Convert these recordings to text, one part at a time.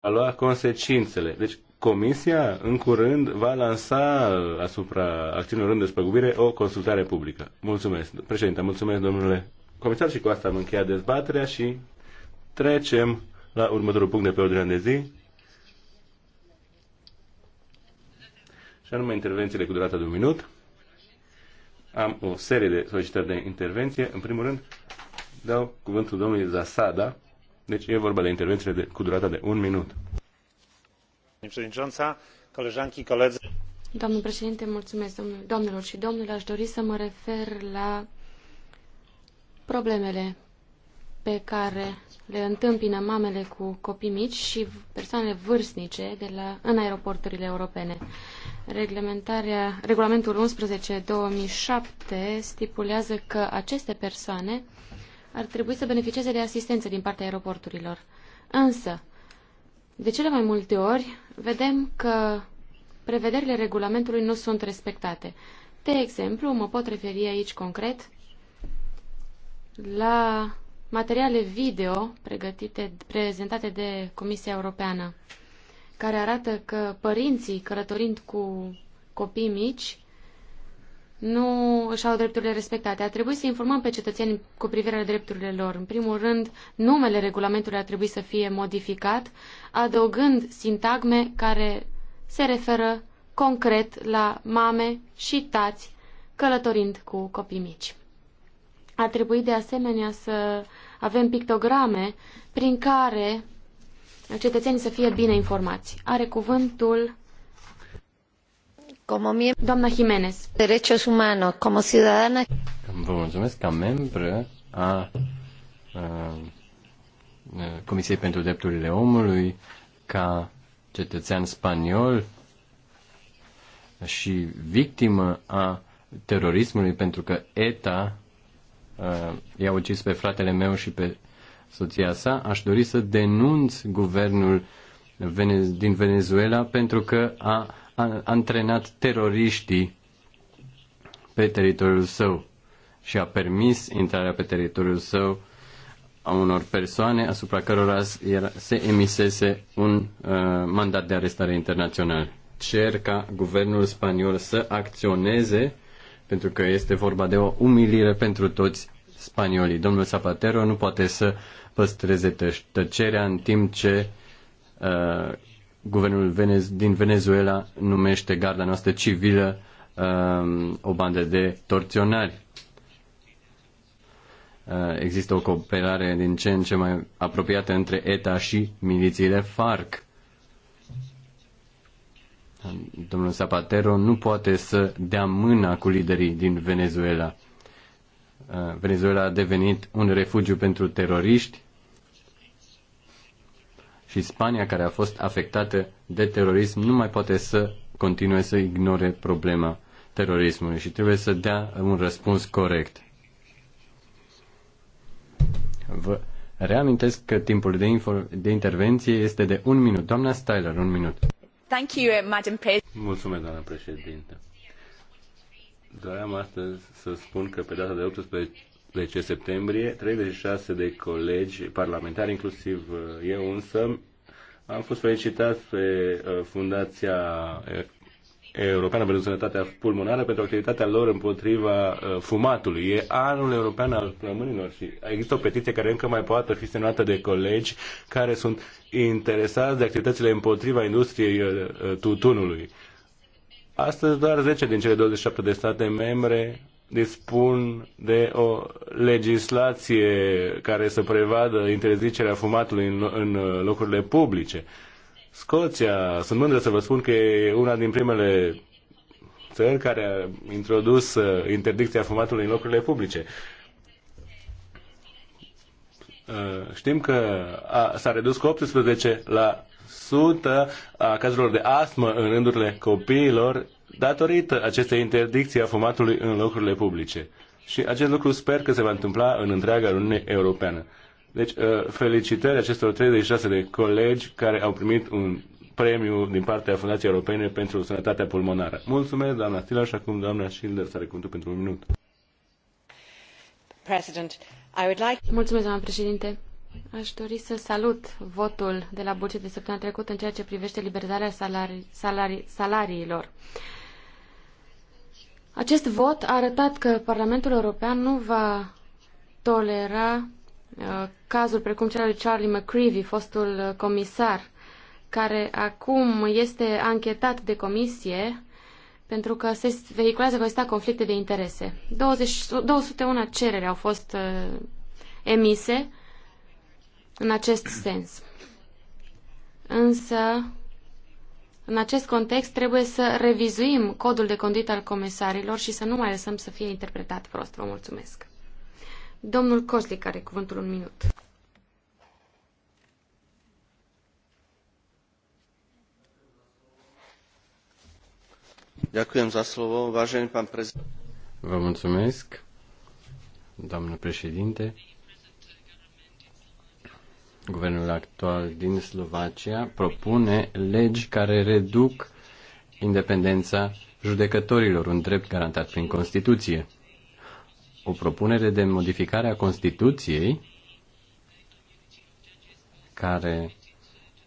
a lua consecințele. Deci Comisia în curând va lansa asupra acțiunilor de despăgubire o consultare publică. Mulțumesc, președinte, mulțumesc domnule comisar și cu asta am încheiat dezbaterea și trecem la următorul punct de pe ordinea de zi. Și anume intervențiile cu durata de un minut. Am o serie de solicitări de intervenție. În primul rând, dau cuvântul domnului Zasada, deci e vorba de intervențiile de, cu durata de un minut. Domnul președinte, mulțumesc domnilor. și domnilor. Aș dori să mă refer la problemele pe care le întâmpină mamele cu copii mici și persoanele vârstnice de la, în aeroporturile europene. Reglementarea, regulamentul 11-2007 stipulează că aceste persoane ar trebui să beneficieze de asistență din partea aeroporturilor. Însă, de cele mai multe ori, vedem că prevederile regulamentului nu sunt respectate. De exemplu, mă pot referi aici concret la materiale video pregătite, prezentate de Comisia Europeană, care arată că părinții călătorind cu copii mici nu își au drepturile respectate. Ar trebui să informăm pe cetățeni cu privire la drepturile lor. În primul rând, numele regulamentului ar trebui să fie modificat, adăugând sintagme care se referă concret la mame și tați călătorind cu copii mici. Ar trebui de asemenea să avem pictograme prin care cetățenii să fie bine informați. Are cuvântul Como Doamna Jimenez. Derechos humanos, como ciudadana. Vă mulțumesc ca membră a, a Comisiei pentru Drepturile Omului, ca cetățean spaniol și victimă a terorismului, pentru că ETA i-a ucis pe fratele meu și pe soția sa, aș dori să denunț guvernul din Venezuela pentru că a antrenat teroriștii pe teritoriul său și a permis intrarea pe teritoriul său a unor persoane asupra cărora se emisese un uh, mandat de arestare internațional. Cer ca guvernul spaniol să acționeze pentru că este vorba de o umilire pentru toți spaniolii. Domnul Zapatero nu poate să păstreze tăcerea în timp ce uh, guvernul Venez- din Venezuela numește garda noastră civilă um, o bandă de torționari. Uh, există o cooperare din ce în ce mai apropiată între ETA și milițiile FARC. Domnul Zapatero nu poate să dea mâna cu liderii din Venezuela. Uh, Venezuela a devenit un refugiu pentru teroriști și Spania, care a fost afectată de terorism, nu mai poate să continue să ignore problema terorismului și trebuie să dea un răspuns corect. Vă reamintesc că timpul de, de intervenție este de un minut. Doamna Styler, un minut. Thank you, uh, Madam Mulțumesc, doamna președinte. Doream astăzi să spun că pe data de 18 10 septembrie, 36 de colegi parlamentari, inclusiv uh, eu însă, am fost felicitat pe uh, Fundația uh, Europeană pentru Sănătatea Pulmonară pentru activitatea lor împotriva fumatului. E anul european al plămânilor și există o petiție care încă mai poate fi semnată de colegi care sunt interesați de activitățile împotriva industriei tutunului. Astăzi doar 10 din cele 27 de state membre dispun de o legislație care să prevadă interzicerea fumatului în, în locurile publice. Scoția, sunt mândră să vă spun că e una din primele țări care a introdus uh, interdicția fumatului în locurile publice. Uh, știm că s-a redus cu 18 la 100% a cazurilor de astmă în rândurile copiilor datorită acestei interdicții a fumatului în locurile publice. Și acest lucru sper că se va întâmpla în întreaga Uniune Europeană. Deci, uh, felicitări acestor 36 de colegi care au primit un premiu din partea Fundației Europene pentru Sănătatea Pulmonară. Mulțumesc, doamna Stila, și acum doamna Schilder să a cuvântul pentru un minut. Mulțumesc, doamna președinte. Aș dori să salut votul de la buget de săptămâna trecută în ceea ce privește liberalizarea salari, salari, salariilor. Acest vot a arătat că Parlamentul European nu va tolera uh, cazul precum cel al lui Charlie McCreevy, fostul uh, comisar, care acum este anchetat de comisie pentru că se vehiculează că există conflicte de interese. 20, 201 cereri au fost uh, emise în acest sens. Însă, în acest context trebuie să revizuim codul de conduită al comisarilor și să nu mai lăsăm să fie interpretat prost. Vă mulțumesc. Domnul Coslic are cuvântul un minut. Vă mulțumesc, doamnă președinte. Guvernul actual din Slovacia propune legi care reduc independența judecătorilor, un drept garantat prin Constituție. O propunere de modificare a Constituției care,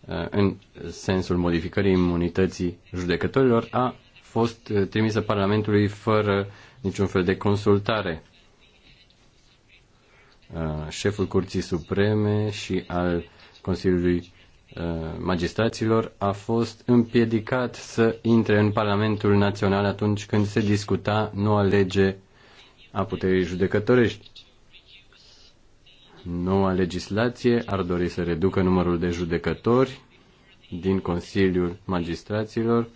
uh, în sensul modificării imunității judecătorilor, a fost uh, trimisă Parlamentului fără niciun fel de consultare șeful Curții Supreme și al Consiliului Magistraților a fost împiedicat să intre în Parlamentul Național atunci când se discuta noua lege a puterii judecătorești. Noua legislație ar dori să reducă numărul de judecători din Consiliul Magistraților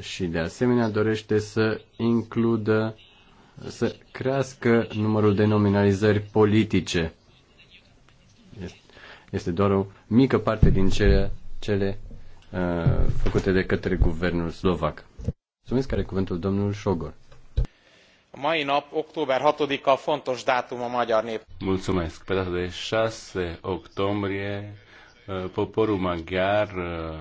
și de asemenea dorește să includă uh, să crească numărul de nominalizări politice. Este doar o mică parte din cele, cele uh, făcute de către guvernul slovac. Mulțumesc, care cuvântul domnul Șogor. Mai nap, október 6-a fontos dátum a magyar nép. Mulțumesc. Pe data de 6 octombrie, uh, poporul maghiar uh,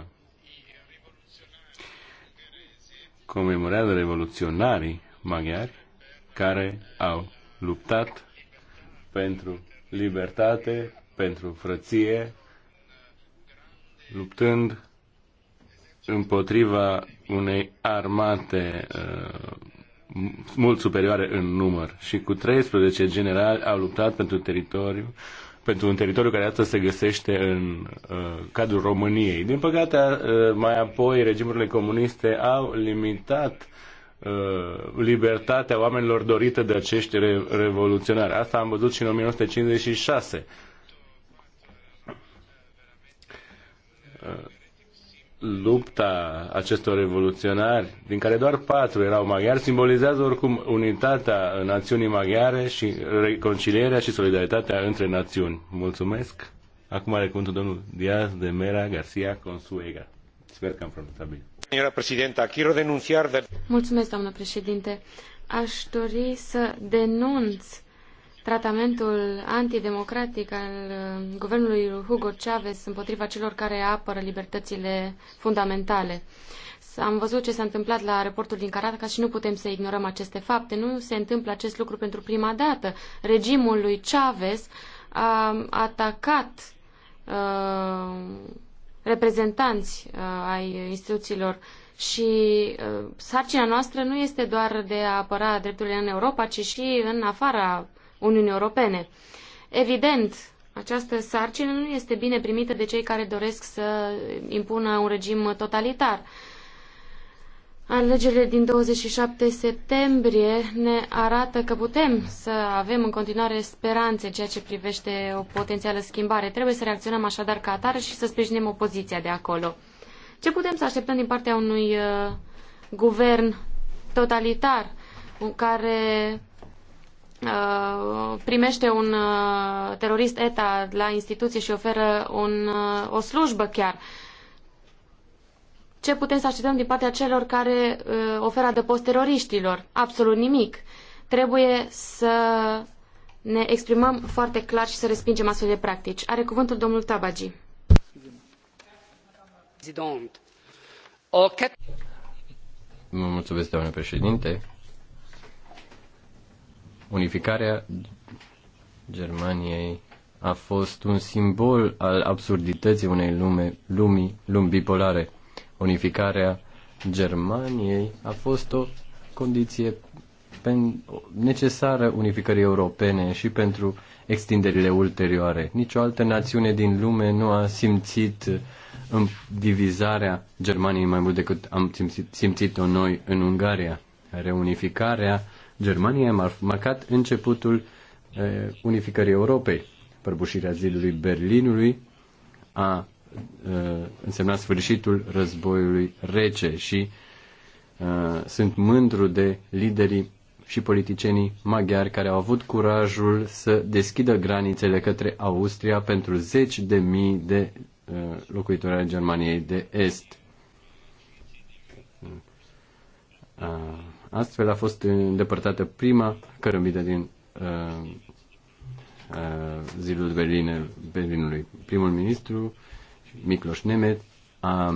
comemorează revoluționarii maghiari care au luptat pentru libertate, pentru frăție, luptând împotriva unei armate uh, mult superioare în număr și cu 13 generali au luptat pentru teritoriu pentru un teritoriu care astăzi se găsește în uh, cadrul României. Din păcate, uh, mai apoi, regimurile comuniste au limitat uh, Uh, libertatea oamenilor dorită de acești revoluționari. Asta am văzut și în 1956. Uh, lupta acestor revoluționari, din care doar patru erau maghiari, simbolizează oricum unitatea națiunii maghiare și reconcilierea și solidaritatea între națiuni. Mulțumesc! Acum are cuvântul domnul Diaz de Mera Garcia Consuega. Sper că am pronunțat bine. Mulțumesc, doamnă președinte. dori să denunț tratamentul antidemocratic al uh, guvernului Hugo Chavez împotriva celor care apără libertățile fundamentale. Am văzut ce s-a întâmplat la aeroportul din Caracas și nu putem să ignorăm aceste fapte. Nu se întâmplă acest lucru pentru prima dată. Regimul lui Chavez a atacat uh, reprezentanți uh, ai instituțiilor și uh, sarcina noastră nu este doar de a apăra drepturile în Europa, ci și în afara Uniunii Europene. Evident, această sarcină nu este bine primită de cei care doresc să impună un regim totalitar. Alegerile din 27 septembrie ne arată că putem să avem în continuare speranțe ceea ce privește o potențială schimbare. Trebuie să reacționăm așadar ca atare și să sprijinim opoziția de acolo. Ce putem să așteptăm din partea unui uh, guvern totalitar care uh, primește un uh, terorist ETA la instituție și oferă un, uh, o slujbă chiar? Uh, ce putem să așteptăm din partea celor care uh, oferă adăpost teroriștilor? Absolut nimic. Trebuie să ne exprimăm foarte clar și să respingem astfel de practici. Are cuvântul domnul Tabagi. Mă mulțumesc, doamne președinte. Unificarea Germaniei a fost un simbol al absurdității unei lume, lumii, lumi bipolare Unificarea Germaniei a fost o condiție necesară unificării europene și pentru extinderile ulterioare. Nicio altă națiune din lume nu a simțit în um, divizarea Germaniei mai mult decât am simțit, simțit-o noi în Ungaria. Reunificarea Germaniei a marcat începutul eh, unificării Europei. Prăbușirea zidului Berlinului a Uh, însemna sfârșitul războiului rece și uh, sunt mândru de liderii și politicienii maghiari care au avut curajul să deschidă granițele către Austria pentru zeci de mii de uh, locuitori ai Germaniei de Est. Astfel a fost îndepărtată prima cărămidă din zilul Berlin, Berlinului. Primul ministru Miklos Nemet a, a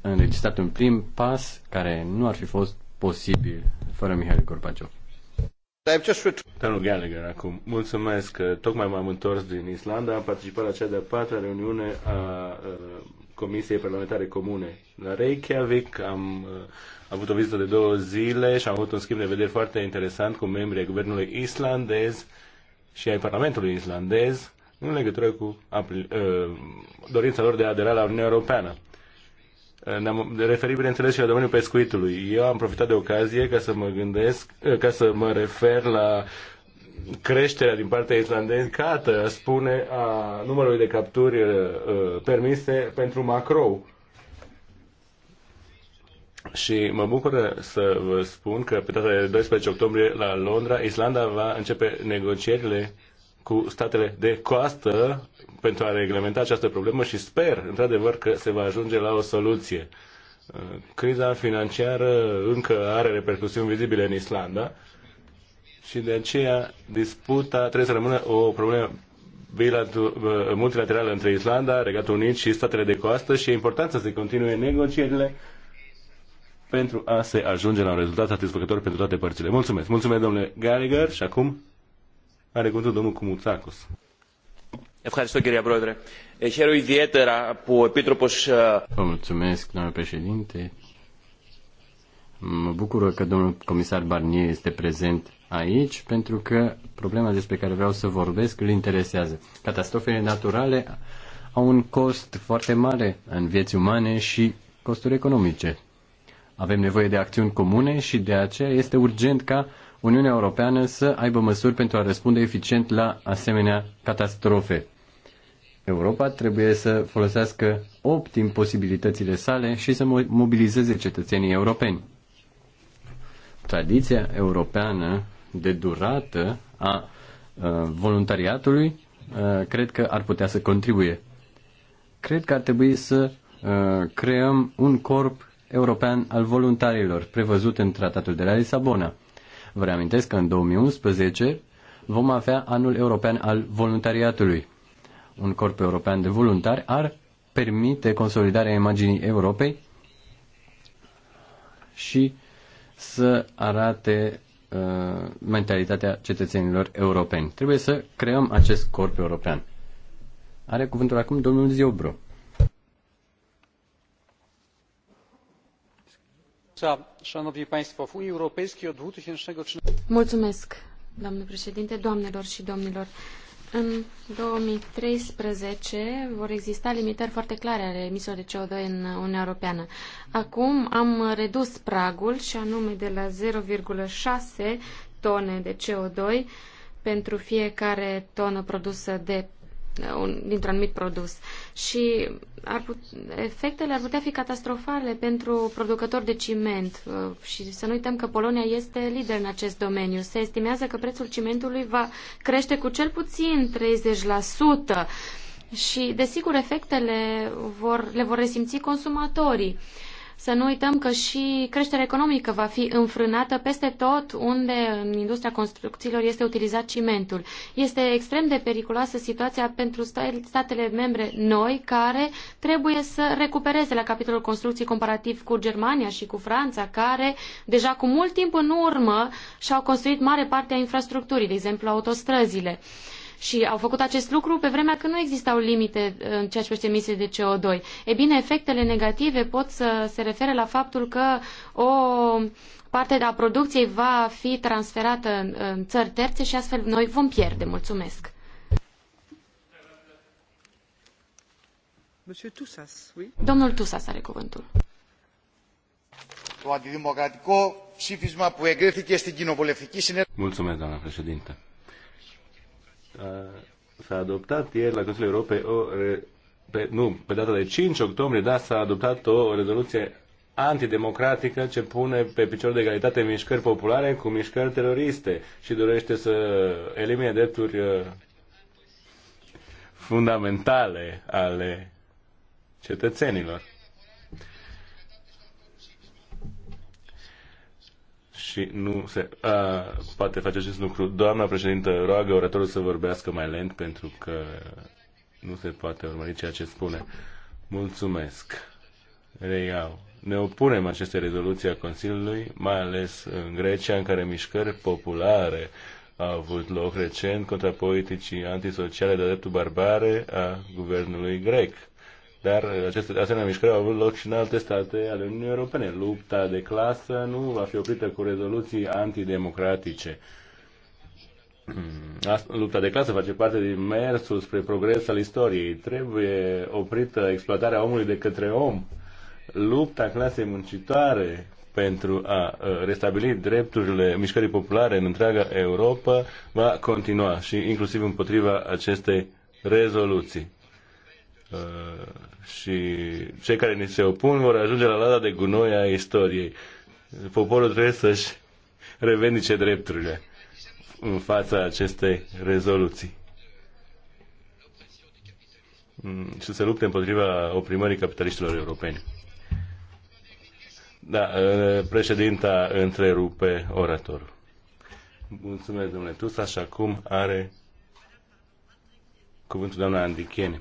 înregistrat un prim pas care nu ar fi fost posibil fără Mihail Gorbaciov. Domnul Gallagher, acum. Mulțumesc. că Tocmai m-am întors din Islanda. Am participat la cea de-a patra reuniune a, a Comisiei Parlamentare Comune. La Reykjavik am a, avut o vizită de două zile și am avut un schimb de vedere foarte interesant cu membrii Guvernului Islandez și ai Parlamentului Islandez în legătură cu ă, dorința lor de a adera la Uniunea Europeană. Ne-am referit, bineînțeles, și la domeniul pescuitului. Eu am profitat de ocazie ca să mă gândesc, ă, ca să mă refer la creșterea din partea cată, spune, a numărului de capturi ă, permise pentru macrou. Și mă bucur să vă spun că pe data de 12 octombrie la Londra, Islanda va începe negocierile cu statele de coastă pentru a reglementa această problemă și sper, într-adevăr, că se va ajunge la o soluție. Criza financiară încă are repercusiuni vizibile în Islanda și de aceea disputa trebuie să rămână o problemă multilaterală între Islanda, Regatul Unit și statele de coastă și e important să se continue negocierile pentru a se ajunge la un rezultat satisfăcător pentru toate părțile. Mulțumesc! Mulțumesc, domnule Gallagher, și acum are cuvântul domnul Cumuțacos. Vă mulțumesc, doamnă președinte. Mă bucur că domnul comisar Barnier este prezent aici pentru că problema despre care vreau să vorbesc îl interesează. Catastrofele naturale au un cost foarte mare în vieți umane și costuri economice. Avem nevoie de acțiuni comune și de aceea este urgent ca Uniunea Europeană să aibă măsuri pentru a răspunde eficient la asemenea catastrofe. Europa trebuie să folosească optim posibilitățile sale și să mobilizeze cetățenii europeni. Tradiția europeană de durată a uh, voluntariatului uh, cred că ar putea să contribuie. Cred că ar trebui să uh, creăm un corp european al voluntarilor prevăzut în Tratatul de la Lisabona – Vă reamintesc că în 2011 vom avea anul european al voluntariatului. Un corp european de voluntari ar permite consolidarea imaginii Europei și să arate uh, mentalitatea cetățenilor europeni. Trebuie să creăm acest corp european. Are cuvântul acum domnul Ziobro. w unii europejskiej od dwa tysiące trzynaście în 2013 vor exista limitări foarte clare ale emisiilor de CO2 în Uniunea Europeană. Acum am redus pragul și anume de la 0,6 tone de CO2 pentru fiecare tonă produsă de un, dintr-un anumit produs. Și ar put, efectele ar putea fi catastrofale pentru producători de ciment uh, și să nu uităm că Polonia este lider în acest domeniu. Se estimează că prețul cimentului va crește cu cel puțin 30% și, desigur, efectele vor, le vor resimți consumatorii. Uh, să nu uităm că și creșterea economică va fi înfrânată peste tot unde în industria construcțiilor este utilizat cimentul. Este extrem de periculoasă situația pentru statele membre noi care trebuie să recupereze la capitolul construcții comparativ cu Germania și cu Franța, care deja cu mult timp în urmă și-au construit mare parte a infrastructurii, de exemplu autostrăzile. Uh, și au făcut acest lucru pe vremea când nu existau limite uh, în ceea ce privește emisiile de CO2. E bine, efectele negative pot să se refere la faptul că o parte a producției va fi transferată în, uh, în țări terțe și astfel noi vom pierde. Mulțumesc. Tussas, oui? Domnul Tusas are cuvântul. Mulțumesc, doamna președinte s-a adoptat ieri la Consiliul Europei o re, pe, nu, pe data de 5 octombrie, da, s-a adoptat o rezoluție antidemocratică ce pune pe picior de egalitate mișcări populare cu mișcări teroriste și dorește să elimine drepturi fundamentale ale cetățenilor. și nu se a, poate face acest lucru. Doamna președintă, roagă oratorul să vorbească mai lent pentru că nu se poate urmări ceea ce spune. Mulțumesc. Reiau. Ne opunem aceste rezoluții a Consiliului, mai ales în Grecia, în care mișcări populare a avut loc recent contra politicii antisociale de dreptul barbare a guvernului grec dar aceste asemenea mișcări au avut loc și în alte state ale Uniunii Europene. Lupta de clasă nu va fi oprită cu rezoluții antidemocratice. Lupta de clasă face parte din mersul spre progres al istoriei. Trebuie oprită exploatarea omului de către om. Lupta clasei muncitoare pentru a uh, restabili drepturile mișcării populare în întreaga Europa va continua și inclusiv împotriva acestei rezoluții. Uh, și cei care ni se opun vor ajunge la lada de gunoi a istoriei. Poporul trebuie să-și revendice drepturile în fața acestei rezoluții mm, și să lupte împotriva oprimării capitaliștilor europeni. Da, uh, președinta întrerupe oratorul. Mulțumesc, domnule Tusa, și acum are cuvântul doamna Andichene.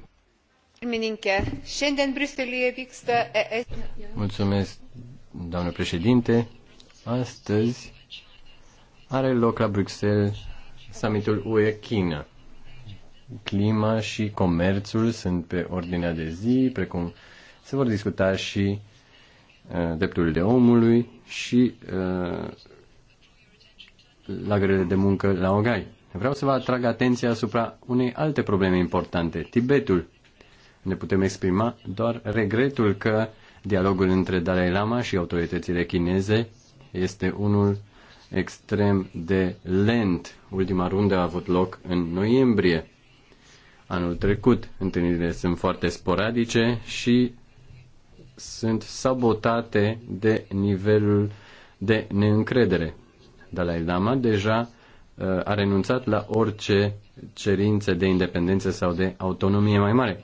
Mulțumesc, doamnă președinte. Astăzi are loc la Bruxelles summitul UE-China. Clima și comerțul sunt pe ordinea de zi, precum se vor discuta și uh, drepturile omului și uh, lagărele de muncă la Ogai. Vreau să vă atrag atenția asupra unei alte probleme importante, Tibetul ne putem exprima doar regretul că dialogul între Dalai Lama și autoritățile chineze este unul extrem de lent. Ultima rundă a avut loc în noiembrie anul trecut. Întâlnirile sunt foarte sporadice și sunt sabotate de nivelul de neîncredere. Dalai Lama deja uh, a renunțat la orice cerință de independență sau de autonomie mai mare.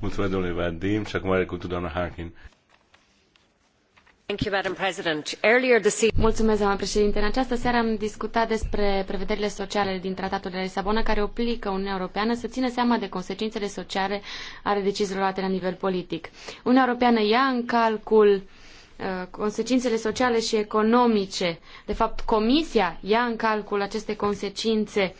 Mulțumesc, domnule Vadim, și acum are cuvântul doamna Harkin. Mulțumesc, doamna președinte. În această seară am discutat despre prevederile sociale din Tratatul de la Lisabona care obligă Uniunea Europeană să țină seama de consecințele sociale ale deciziilor luate la nivel politic. Uniunea Europeană ia în calcul uh, consecințele sociale și economice. De fapt, Comisia ia în calcul aceste consecințe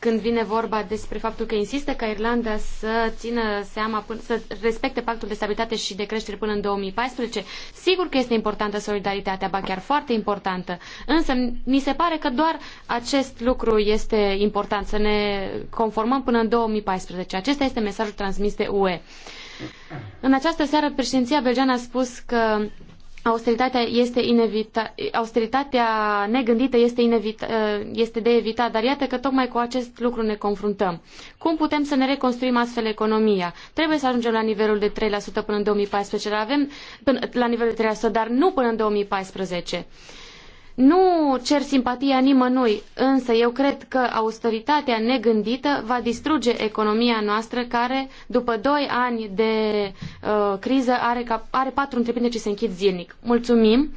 când vine vorba despre faptul că insistă ca Irlanda să țină seama, să respecte pactul de stabilitate și de creștere până în 2014. Sigur că este importantă solidaritatea, ba chiar foarte importantă, însă mi se pare că doar acest lucru este important, să ne conformăm până în 2014. Acesta este mesajul transmis de UE. În această seară, președinția belgeană a spus că austeritatea, este inevita, austeritatea negândită este, inevita, este de evitat, dar iată că tocmai cu acest lucru ne confruntăm. Cum putem să ne reconstruim astfel economia? Trebuie să ajungem la nivelul de 3% până în 2014, dar avem până, la nivelul de 3%, dar nu până în 2014. Nu cer simpatia nimănui, însă eu cred că austeritatea negândită va distruge economia noastră care, după doi ani de uh, criză, are, cap- are patru întreprinderi ce se închid zilnic. Mulțumim,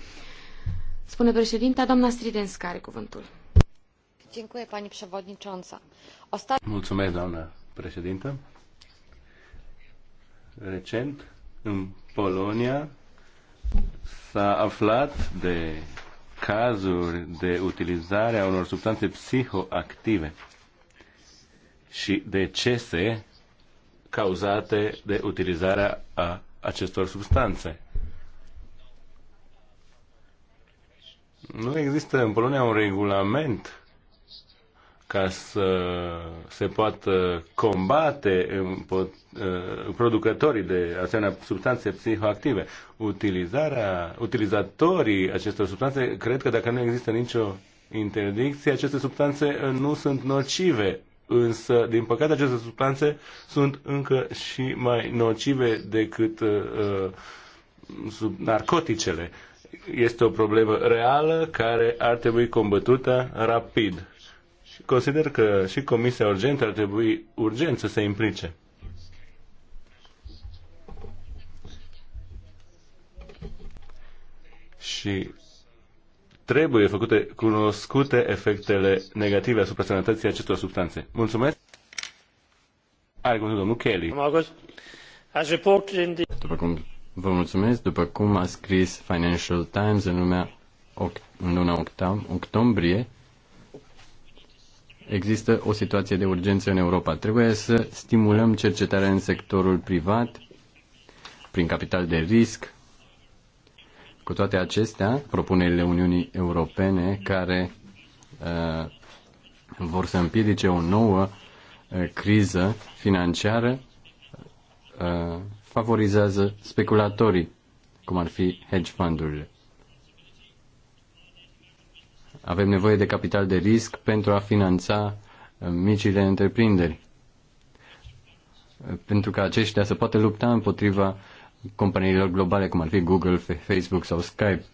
spune președinta, doamna Stridenska are cuvântul. Mulțumesc, doamna președintă. Recent, în Polonia, s-a aflat de cazuri de utilizare a unor substanțe psihoactive și decese cauzate de utilizarea a acestor substanțe. Nu există în Polonia un regulament ca să se poată combate uh, producătorii de asemenea substanțe psihoactive. Utilizarea, utilizatorii acestor substanțe, cred că dacă nu există nicio interdicție, aceste substanțe uh, nu sunt nocive însă, din păcate, aceste substanțe sunt încă și mai nocive decât uh, uh sub narcoticele. Este o problemă reală care ar trebui combătută rapid. Și consider că și Comisia Urgentă ar trebui urgent să se implice. Și trebuie făcute cunoscute efectele negative asupra sănătății acestor substanțe. Mulțumesc! Are cuvântul domnul Kelly. După cum vă mulțumesc, după cum a scris Financial Times în, lumea, în luna octombrie, există o situație de urgență în Europa. Trebuie să stimulăm cercetarea în sectorul privat, prin capital de risc. Cu toate acestea, propunerile Uniunii Europene care uh, vor să împiedice o nouă uh, criză financiară uh, favorizează speculatorii, cum ar fi hedge fundurile. Avem nevoie de capital de risc pentru a finanța uh, micile întreprinderi. Pentru ca aceștia să poată lupta împotriva companiilor globale, cum ar fi Google, Facebook sau Skype.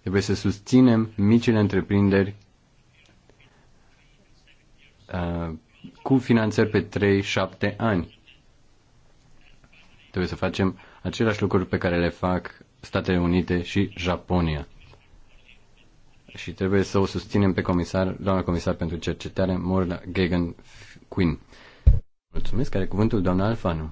Trebuie să susținem micile întreprinderi uh, cu finanțări pe 3-7 ani. Trebuie să facem același lucruri pe care le fac Statele Unite și Japonia și trebuie să o susținem pe comisar, doamna comisar pentru cercetare, Morla Gagan Quinn. Mulțumesc, care cuvântul doamna Alfanu.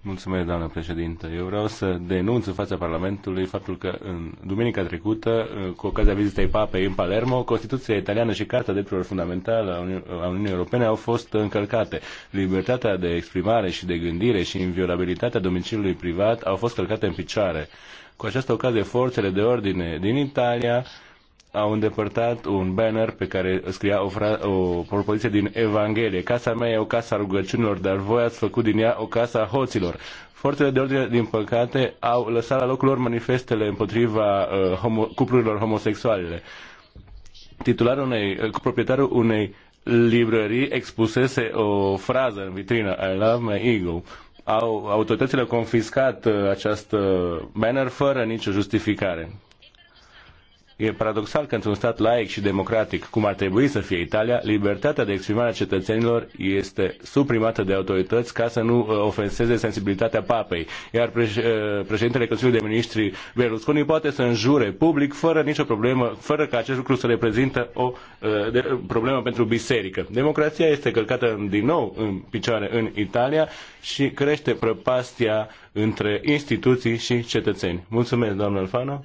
Mulțumesc, doamnă președintă. Eu vreau să denunț în fața Parlamentului faptul că în duminica trecută, cu ocazia vizitei papei în Palermo, Constituția italiană și Carta Drepturilor Fundamentale a, a Uniunii Europene au fost încălcate. Libertatea de exprimare și de gândire și inviolabilitatea domiciliului privat au fost călcate în picioare. Cu această ocazie, forțele de ordine din Italia au îndepărtat un banner pe care scria o, fra- o propoziție din Evanghelie. Casa mea e o casă a rugăciunilor, dar voi ați făcut din ea o casă a hoților. Forțele de ordine, din păcate, au lăsat la locul lor manifestele împotriva uh, homo- cuplurilor homosexuale. Titularul unei, uh, proprietarul unei librării expusese o frază în vitrină, I love my ego, au autoritățile confiscat uh, acest banner fără nicio justificare. E paradoxal că într-un stat laic și democratic, cum ar trebui să fie Italia, libertatea de exprimare a cetățenilor este suprimată de autorități ca să nu uh, ofenseze sensibilitatea papei. Iar uh, președintele Consiliului de Ministri Berlusconi poate să înjure public fără nicio problemă, fără ca acest lucru să reprezintă o uh, de, problemă pentru biserică. Democrația este călcată din nou în picioare în Italia și crește prăpastia între instituții și cetățeni. Mulțumesc, doamnă Alfano.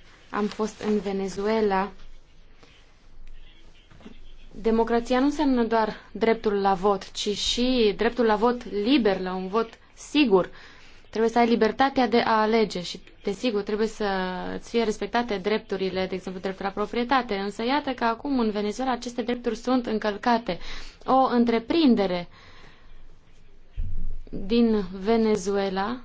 am fost în Venezuela. Democrația nu înseamnă doar dreptul la vot, ci și dreptul la vot liber, la un vot sigur. Trebuie să ai libertatea de a alege și, desigur, trebuie să îți fie respectate drepturile, de exemplu, dreptul la proprietate. Însă, iată că acum în Venezuela aceste drepturi sunt încălcate. O întreprindere din Venezuela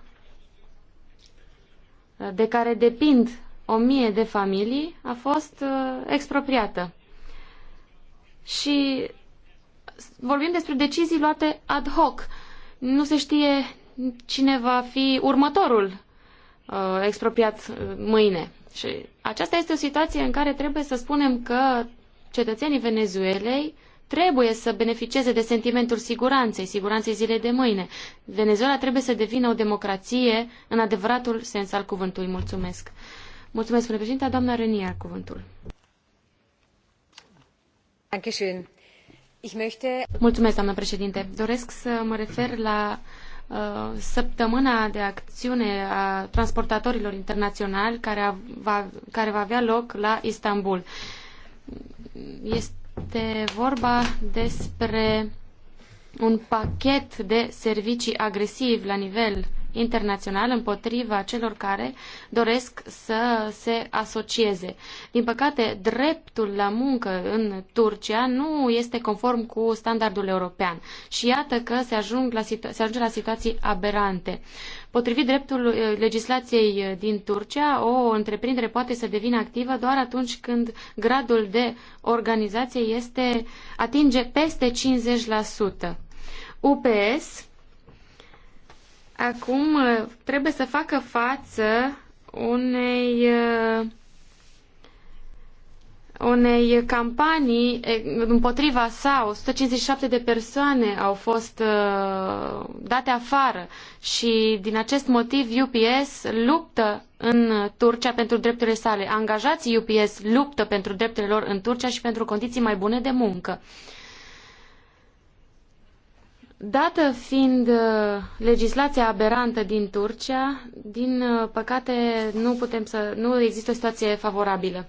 de care depind o mie de familii a fost uh, expropriată. Și vorbim despre decizii luate ad hoc. Nu se știe cine va fi următorul uh, expropiat uh, mâine. Și aceasta este o situație în care trebuie să spunem că cetățenii Venezuelei trebuie să beneficieze de sentimentul siguranței, siguranței zilei de mâine. Venezuela trebuie să devină o democrație în adevăratul sens al cuvântului. Mulțumesc! Mulțumesc, domnule președinte. Doamna Renier, cuvântul. Mulțumesc, doamnă președinte. Doresc să mă refer la uh, săptămâna de acțiune a transportatorilor internaționali care va, care va avea loc la Istanbul. Este vorba despre un pachet de servicii agresiv la nivel internațional împotriva celor care doresc să se asocieze. Din păcate, dreptul la muncă în Turcia nu este conform cu standardul european și iată că se, ajung la situa- se ajunge la situații aberante. Potrivit dreptul eh, legislației eh, din Turcia, o întreprindere poate să devină activă doar atunci când gradul de organizație este atinge peste 50%. UPS acum uh, trebuie să facă față unei uh, unei campanii împotriva sa. 157 de persoane au fost uh, date afară și din acest motiv UPS luptă în Turcia pentru drepturile sale. Angajații UPS luptă pentru drepturile lor în Turcia și pentru condiții mai bune de muncă. Dată fiind uh, legislația aberantă din Turcia, din uh, păcate nu putem să nu există o situație favorabilă.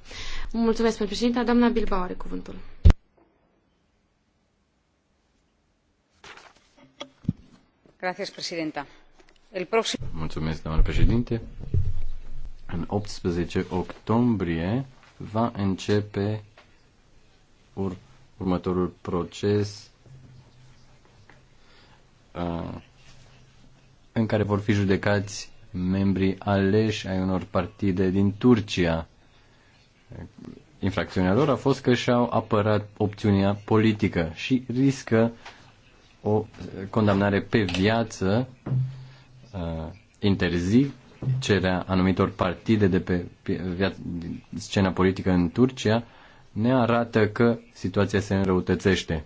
Mulțumesc pentru președinte, doamna Bilbao are cuvântul. Gracias, presidenta. El Mulțumesc, doamnă președinte. În 18 octombrie va începe ur următorul proces în care vor fi judecați membrii aleși ai unor partide din Turcia. Infracțiunea lor a fost că și-au apărat opțiunea politică și riscă o condamnare pe viață uh, interzic cerea anumitor partide de pe scena politică în Turcia ne arată că situația se înrăutățește.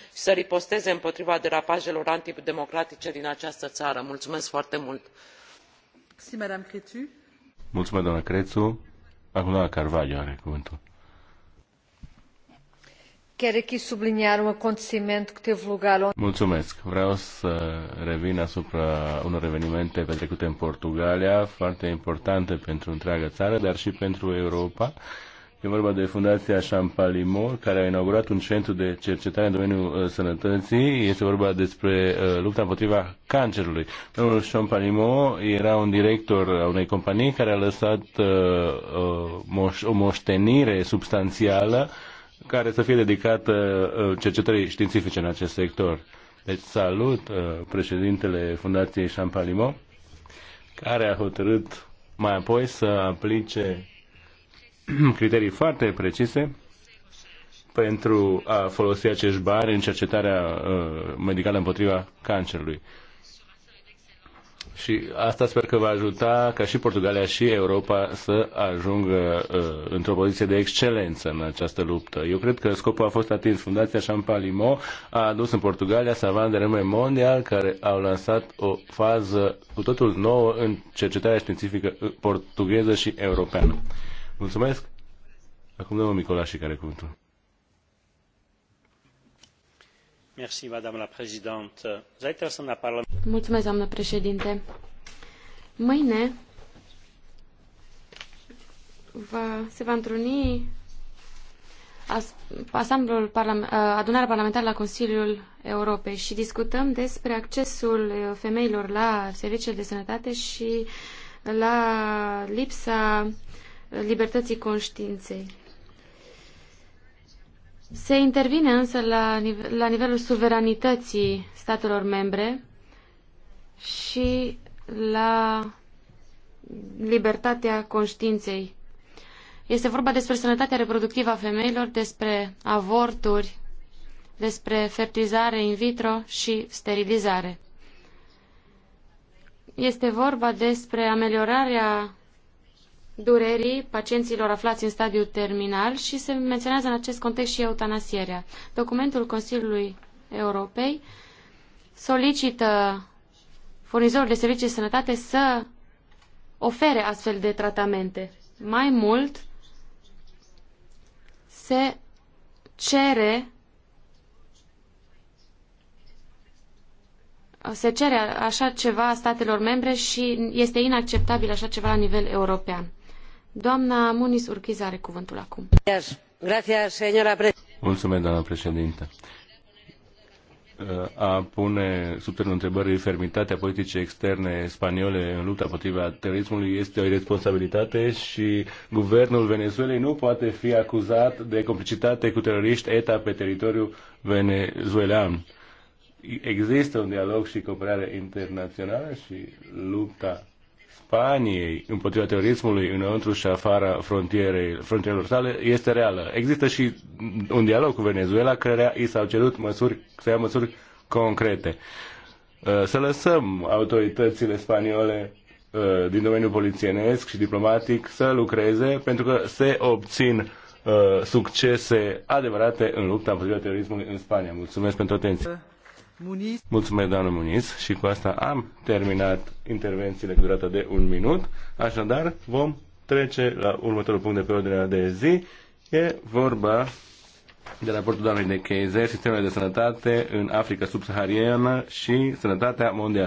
i să riposteze împotriva derapajelor antidemocratice din această ară. mulumesc foarte mult! Mulțumesc, doamna Crețu. Chiar aici subliniar un um aconteciment care teve Mulțumesc. Vreau să revin asupra unor evenimente petrecute în Portugalia, foarte importante pentru întreaga țară, dar și pentru Europa. E vorba de Fundația Champalimor, care a inaugurat un centru de cercetare în domeniul uh, sănătății. Este vorba despre uh, lupta împotriva cancerului. Domnul Champalimor era un director a unei companii care a lăsat uh, uh, moș- o moștenire substanțială care să fie dedicată uh, cercetării științifice în acest sector. Deci salut uh, președintele Fundației Champalimor, care a hotărât mai apoi să aplice criterii foarte precise pentru a folosi acești bani în cercetarea uh, medicală împotriva cancerului. Și asta sper că va ajuta ca și Portugalia și Europa să ajungă uh, într-o poziție de excelență în această luptă. Eu cred că scopul a fost atins. Fundația Champalimo a adus în Portugalia savan de renume mondial care au lansat o fază cu totul nouă în cercetarea științifică portugheză și europeană. Mulțumesc. Acum domnul și care cuvântul. Merci, madame la présidente. sunt la parlament. Mulțumesc, doamnă președinte. Mâine va, se va întruni as, asamblul uh, adunarea parlamentară la Consiliul Europei și discutăm despre accesul uh, femeilor la serviciile de sănătate și la lipsa libertății conștiinței. Se intervine însă la, nive la nivelul suveranității statelor membre și la libertatea conștiinței. Este vorba despre sănătatea reproductivă a femeilor, despre avorturi, despre fertilizare in vitro și sterilizare. Este vorba despre ameliorarea durerii pacienților aflați în stadiu terminal și se menționează în acest context și eutanasierea. Documentul Consiliului Europei solicită furnizorilor de servicii de sănătate să ofere astfel de tratamente. Mai mult, se cere se cere așa ceva statelor membre și este inacceptabil așa ceva la nivel european. Doamna Muniz Urchiz are cuvântul acum. Mulțumesc, doamna președintă a pune sub semnul întrebării fermitatea politicii externe spaniole în lupta împotriva terorismului este o irresponsabilitate și guvernul Venezuelei nu poate fi acuzat de complicitate cu teroriști ETA pe teritoriul venezuelan. Există un dialog și cooperare internațională și lupta Spaniei împotriva terorismului înăuntru și afara frontierei, frontierelor sale este reală. Există și un dialog cu Venezuela, care i s-au cerut măsuri, să ia măsuri concrete. Uh, să lăsăm autoritățile spaniole uh, din domeniul polițienesc și diplomatic să lucreze pentru că se obțin uh, succese adevărate în lupta împotriva terorismului în Spania. Mulțumesc pentru atenție. Muniz. Mulțumesc, doamnă Muniz. Și cu asta am terminat intervențiile cu durată de un minut. Așadar, vom trece la următorul punct de pe ordinea de zi. E vorba de raportul doamnei de Keizer, sistemele de sănătate în Africa subsahariană și sănătatea mondială.